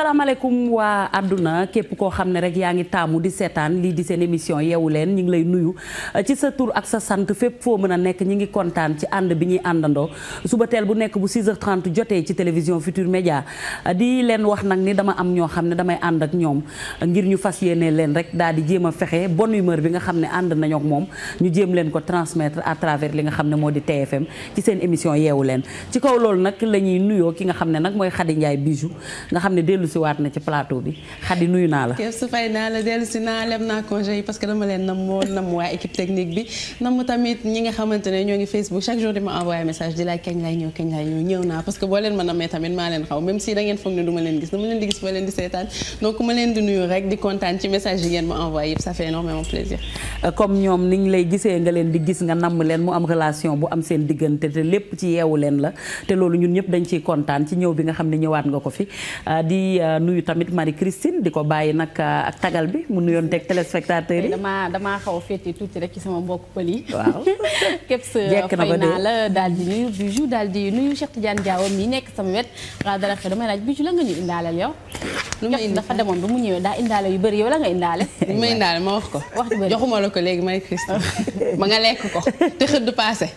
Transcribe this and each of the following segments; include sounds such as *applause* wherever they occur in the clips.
salaamaaleykum waa àdduna képp koo xam ne rek yaa ngi taamu di seetaan lii di seen émission yeewu leen ñu ngi lay nuyu eh, ci sa tur ak sa sant fépp foo mën a nekk ñu ngi kontaan ci ànd bi ñuy àndandoo suba teel bu nekk bu 6 h jotee ci télévision Futur Média eh, di leen wax nag ni dama am ñoo xam ne damay ànd ak ñoom eh, ngir ñu fas yéene leen rek daal di jéem a fexe bonne humeur bi nga xam ne ànd nañoo moom ñu jéem leen ko transmettre à travers li nga xam ne moo di TFM ci seen émission yeewu leen ci kaw loolu nag la ñuy nuyoo ki nga xam ne nag mooy Khady Ndiaye Bijou nga xam ne dellu si waat na ci plateau bi Xadi nuyu naa la. képp su fay naa la dellu si naa leb naa congé yi parce que dama leen nam woon nam waa équipe technique bi nam tamit ñi nga xamante ñoo ngi Facebook chaque jour di ma envoyé message di laaj kañ laay ñëw kañ laay ñëw naa parce que boo leen ma namee tamit maa leen xaw même si da ngeen foog ne du ma ni ñu leen gis nga namm leen mu am relation bu am seen diggante te lépp ci yeewu leen la te loolu ñun ñëpp dañ ci bi nga xam ne ñëwaat nga ko Euh, nuyu tamit Marie Christine di ko bàyyi nag euh, ak tagal bi mu nuyoon teg téléspectateurs yi. damaa damaa xaw a féetee tuuti rek ci sama mbokk pël yi. waaw *laughs* képp sa fay naa la daal di nuyu Bijou daal di nuyu Cheikh Tidiane Diaw mi nekk sama wet ra dara xëy damay laaj Bijou la nga ñu indaaleel yow. lu dafa demoon ba mu ñëwee daa indaale yu bëri yow la nga indaale. li *laughs* ma ma wax ko. wax ko léegi Marie Christine *laughs* ma nga lekk ko te xëdd paase.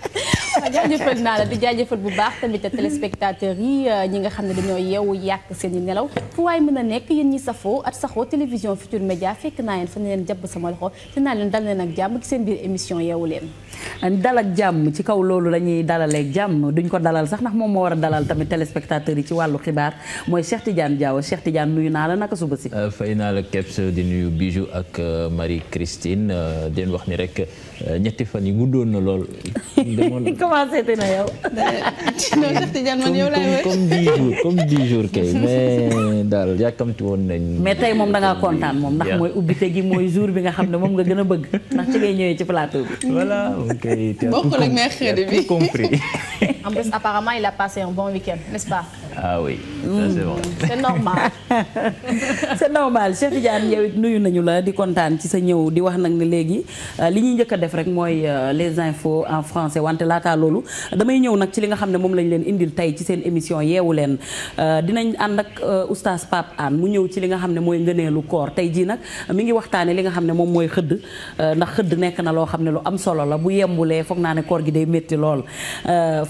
jaajëfal naa la di jaajëfal bu baax tamit téléspectateurs yi euh, ñi nga xam ne dañoo yeewu yàq seen i nelaw fu waay mën a nekk yéen ñi safoo at saxoo télévision Futur Média fekk naa leen fa ne jàpp sama loxo te naa leen dal leen ak jàmm ci seen biir émission yeewu leen dal ak jàmm ci kaw loolu la ñuy dalaleeg jàmm duñ ko dalal sax ndax moom moo war a dalal tamit téléspectateurs yi ci wàllu xibaar mooy Cheikh Tidiane Diaw Cheikh Tidiane nuyu naa la naka suba si euh, fay naa la keps di nuyu Bijou ak euh, Marie Christine den wax ni rek ñetti fan yi guddoon na lool *laughs* *laughs* commencé dina yow. non Cheikh Tidiane man yow laay wër comme dix jours comme dix jours kay mais daal yàkkamti woon nañ. mais tey moom da ngaa kontaan moom ndax mooy ubbite gi mooy jour bi nga xam ne moom nga gën a bëgg ndax ci ngay ñëwee ci plateau bi. voilà ok. bokkul ak mercredi bi compris *laughs* en plus apparemment il a passé un bon week-end ah oui ça c'est vrai. Mm. *laughs* c'est normal *laughs* c'est normal Cheikh yow it nuyu nañu la di kontaan ci sa ñëw di wax nag ne léegi euh, li ñuy njëkk a def rek mooy euh, les infos en français wante laataa loolu damay ñëw nag ci li nga xam ne moom lañ leen indil tey ci seen émission yeewu leen euh, dinañ ànd ak oustaz Pape mu ñëw ci li nga xam ne mooy ngëneelu koor tey jii nag mi ngi waxtaane li nga xam ne moom mooy xëdd ndax xëdd nekk na loo xam ne lu am solo la bu yembulee foog naa ne koor gi day métti lool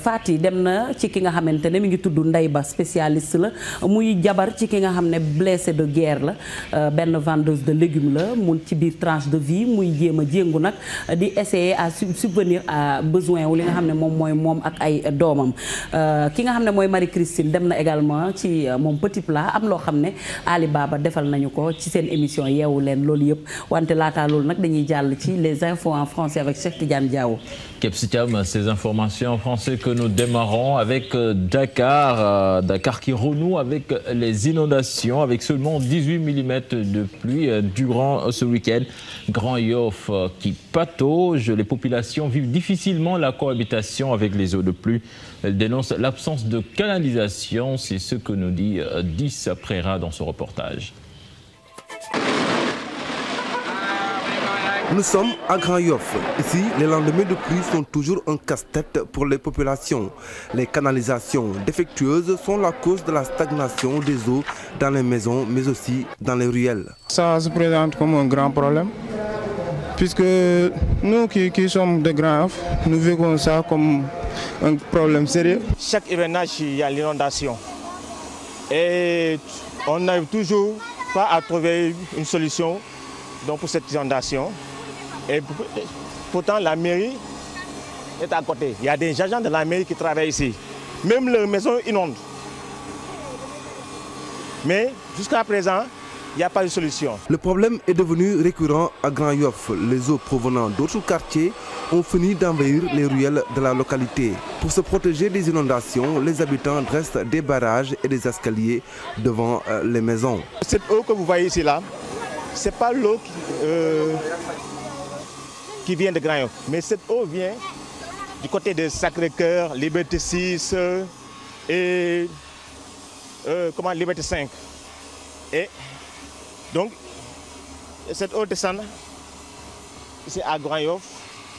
Fati dem na ci ki nga xamante ne mi ngi tudd Ndey Bas spécialiste la muy jabar ci ki nga xam ne blessé de guerre la euh, benn vendeuse de légumes la mun ci biir tranche de vie muy jéem a jéngu nag di essayer à subvenir à besoin wu li nga xam ne moom mooy moom ak ay doomam euh, ki nga xam ne mooy Marie Christine dem na également ci euh, moom petit plat am loo xam ne Ali Baba defal nañu ko ci seen émission yeewu leen loolu yëpp wante laataa loolu nag dañuy jàll ci les infos en français avec Cheikh Tidiane Diawo. Kepsi Thiam Dakar qui renoue les inondations avec seulement 18 mm de pluie euh, durant ce week-end. Grand Yoff euh, qui patauge, les la cohabitation avec de pluie. Elle dénonce l'absence de canalisation, c'est ce que nous euh, Nous sommes à Grand-Yoff. Ici, les lendemains de pluie sont toujours un casse-tête pour les populations. Les canalisations défectueuses sont la cause de la stagnation des eaux dans les maisons, mais aussi dans les ruelles. Ça se présente comme un grand problème, puisque nous qui, qui sommes de Grand-Yoff, nous vivons ça comme un problème sérieux. Chaque hivernage, il y a l'inondation. Et on n'arrive toujours pas à trouver une solution donc pour cette inondation. Et pourtant, la mairie est à côté. Il y a des agents de la mairie qui travaillent ici. Même leur maison inonde. Mais jusqu'à présent, il n'y a pas de solution. Le problème est devenu récurrent à Grand Yoff. Les eaux provenant d'autres quartiers ont fini d'envahir les ruelles de la localité. Pour se protéger des inondations, les habitants dressent des barrages et des escaliers devant euh, les maisons. Cette eau que vous voyez ici là, c'est pas l'eau euh, qui vient de Grand Yoff. Mais cette eau vient du côté des Sacré-Cœur, Liberté 6 euh, et euh, comment, Liberté cinq Et donc, cette eau descend ici à Grand Yoff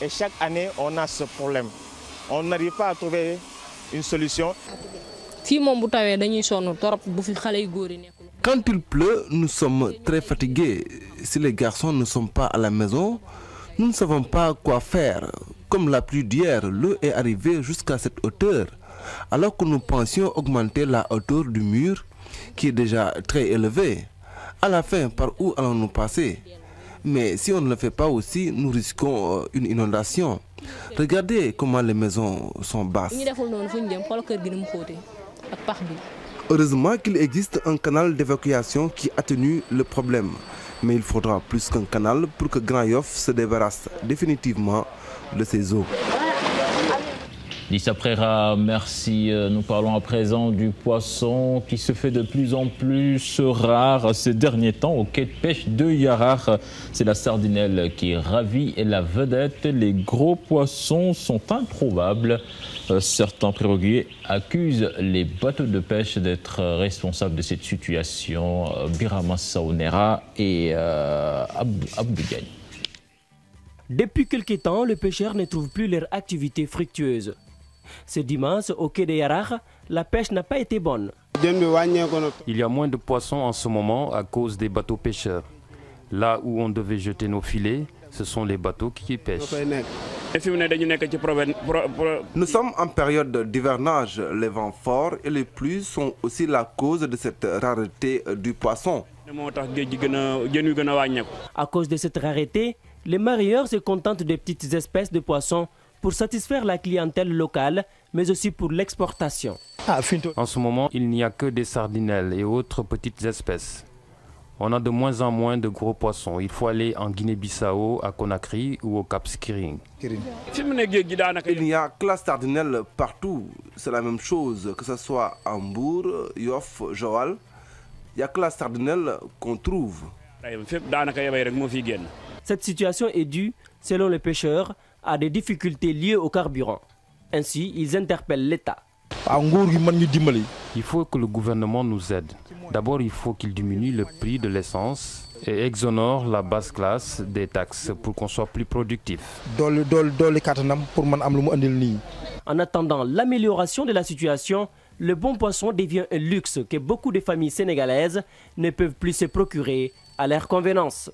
et chaque année, on a ce problème. On n'arrive pas à trouver une solution. Quand il pleut, nous sommes très fatigués. Si les garçons ne sont pas à la maison, Nous ne savons pas quoi faire. Comme la pluie d'hier, l'eau est arrivée jusqu'à cette hauteur, alors que nous pensions augmenter la hauteur du mur qui est déjà très élevée. À la fin, par où allons-nous passer Mais si on ne le fait pas aussi, nous risquons euh, une inondation. Regardez comment les maisons sont basses. Heureusement qu'il existe un canal d'évacuation qui atténue le problème. mais il faudra plus qu'un canal pour que Grand Yoff se débarrasse définitivement de ses eaux. Lisa Prera, merci. Euh, nous parlons à présent du poisson qui se fait de plus en plus rare ces derniers temps au quai de pêche de Yarar. C'est la sardinelle qui ravit la vedette. Les gros poissons sont improbables. Euh, certains piroguiers accusent les bateaux de pêche d'être responsables de cette situation. Euh, Birama Saonera et euh, Abdou Depuis quelques temps, les pêcheurs ne trouvent plus leur activité fructueuse. Ce dimanche, au quai de Yarach, la pêche n'a pas été bonne. Il y a moins de poissons en ce moment à cause des bateaux pêcheurs. Là où on devait jeter nos filets, ce sont les bateaux qui pêchent. Nous sommes en période d'hivernage. Les vents forts et les plus sont aussi la cause de cette rareté du poisson. À cause de cette rareté, les marieurs se contentent des petites espèces de poissons pour satisfaire la clientèle locale, mais aussi pour l'exportation. Ah, en ce moment, il n'y a que des sardinelles et autres petites espèces. On a de moins en moins de gros poissons. Il faut aller en Guinée-Bissau, à Conakry ou au Cap Skiring. Il a que la sardinelle partout. C'est a que la sardinelle qu'on trouve. Cette situation est due, selon les pêcheurs, à des difficultés liées au carburant. Ainsi, ils interpellent l'État. Ah, il faut que le gouvernement nous aide. D'abord, il faut qu'il diminue le prix de l'essence et exonore la basse classe des taxes pour qu'on soit plus productif. En attendant l'amélioration de la situation, le bon poisson devient un luxe que beaucoup de familles sénégalaises ne peuvent plus se procurer à leur convenance.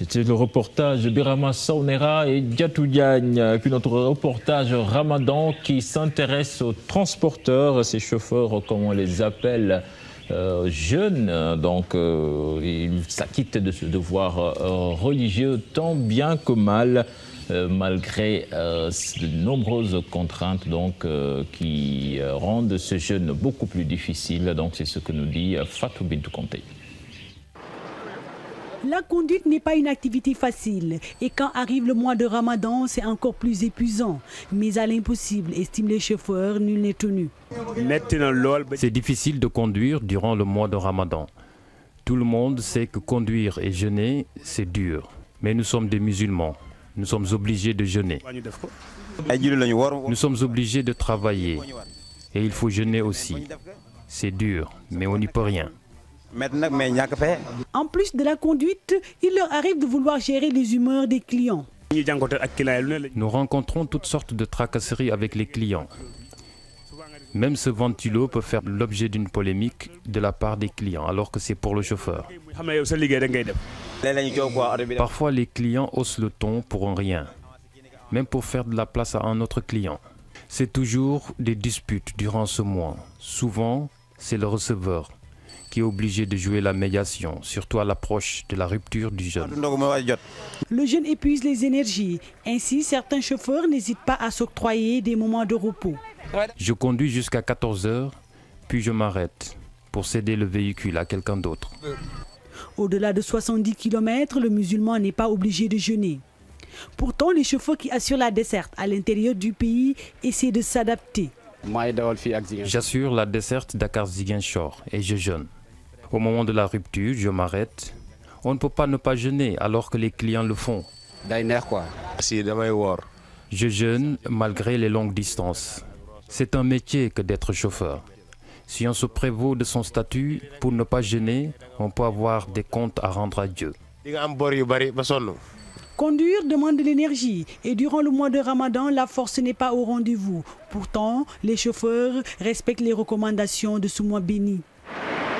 C'était le reportage Birama Saunera et Diatou Diagne. Puis notre reportage Ramadan qui s'intéresse aux transporteurs, ces chauffeurs, comme on les appelle. Euh, jeunes, donc euh, ils de ce devoir euh, religieux tant bien que mal, euh, malgré de nombreuses contraintes donc, qui rendent ce jeûne beaucoup plus difficile. Donc c'est ce que nous dit Fatou Bintou Conté. La conduite n'est pas une activité facile et quand arrive le mois de Ramadan, c'est encore plus épuisant. Mais à l'impossible, estiment les chauffeurs, nul n'est tenu. C'est difficile de conduire durant le mois de Ramadan. Tout le monde sait que conduire et jeûner, c'est dur. Mais nous sommes des musulmans. Nous sommes obligés de jeûner. Nous sommes obligés de travailler. Et il faut jeûner aussi. C'est dur, mais on n'y peut rien. En plus de la conduite, il leur arrive de vouloir gérer les humeurs des clients. Nous rencontrons toutes sortes de tracasseries avec les clients. Même ce ventilo peut faire l'objet d'une polémique de la part des clients, alors que c'est pour le chauffeur. Parfois, les clients haussent le ton pour un rien, même pour faire de la place à un autre client. C'est toujours des disputes durant ce mois. Souvent, c'est le receveur qui est obligé de jouer la médiation, surtout à l'approche de la rupture du jeune. Le jeune épuise les énergies. Ainsi, certains chauffeurs n'hésitent pas à s'octroyer des moments de repos. Je conduis jusqu'à heures, puis je m'arrête pour céder le véhicule à quelqu'un d'autre. Au-delà de 70 km, le musulman n'est pas obligé de jeûner. Pourtant, les chauffeurs qui assurent la desserte à l'intérieur du pays essaient de s'adapter. J'assure la desserte Dakar-Ziguinchor et je Au moment de la rupture, je m'arrête. On ne peut pas ne pas jeûner alors que les clients le font. Je jeûne malgré les longues distances. C'est un métier que d'être chauffeur. Si on se prévaut de son statut pour ne pas gêner, on peut avoir des comptes à rendre à Dieu. Conduire demande de l'énergie et durant le mois de Ramadan, la force n'est pas au rendez-vous. Pourtant, les chauffeurs respectent les recommandations de ce mois béni.